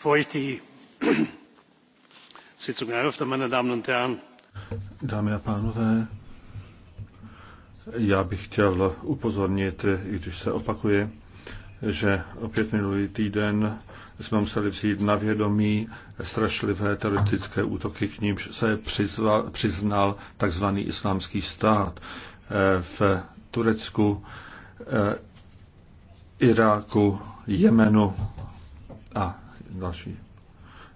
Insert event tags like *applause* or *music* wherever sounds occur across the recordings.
bevor ich die *clears throat* sitzung eröffne meine damen und herren dámy a pánové já bych chtěl upozornit i když se opakuje že opět minulý týden jsme museli vzít na vědomí strašlivé teroristické útoky, k nímž se přizval, přiznal tzv. islámský stát eh, v Turecku, eh, Iráku, Jemenu a další.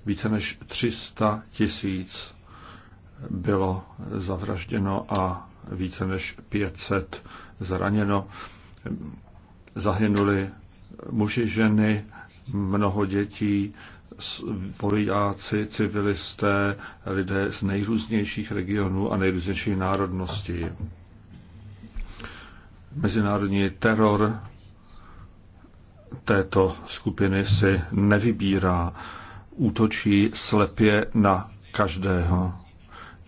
Více než 300 tisíc bylo zavražděno a více než 500 zraněno. Zahynuli muži, ženy, mnoho dětí, vojáci, civilisté, lidé z nejrůznějších regionů a nejrůznějších národností. Mezinárodní teror této skupiny si nevybírá. Útočí slepě na každého.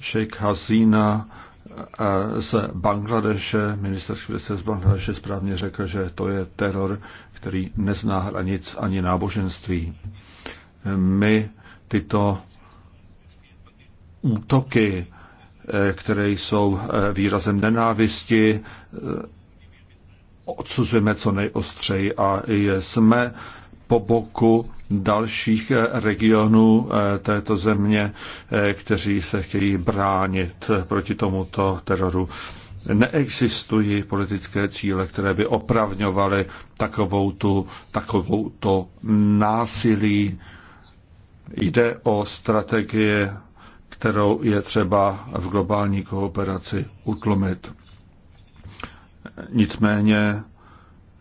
Sheikh Hasina eh, z Bangladeše, ministerský předseda z Bangladeše správně řekl, že to je teror, který nezná hranic ani náboženství. My tyto útoky, eh, které jsou eh, výrazem nenávisti, odsuzujeme co nejostřeji a jsme po boku dalších regionů eh, této země, eh, kteří se chtějí bránit proti tomuto teroru. Neexistují politické cíle, které by opravňovaly takovou tu, takovou to násilí. Jde o strategie, kterou je třeba v globální kooperaci utlumit. Nicméně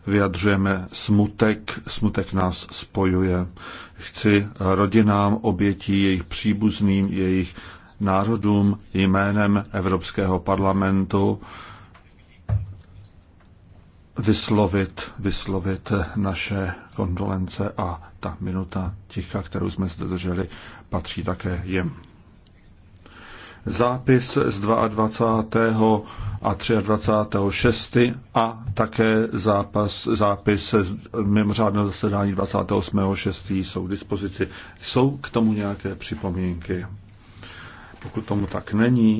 vyjadřujeme smutek, smutek nás spojuje. Chci rodinám obětí, jejich příbuzným, jejich národům jménem Evropského parlamentu vyslovit, vyslovit naše kondolence a ta minuta ticha, kterou jsme zde drželi, patří také jim. Zápis z 22 a 23.6. a také zápas, zápis mimořádného zasedání 28.6. jsou k dispozici. Jsou k tomu nějaké připomínky? Pokud tomu tak není,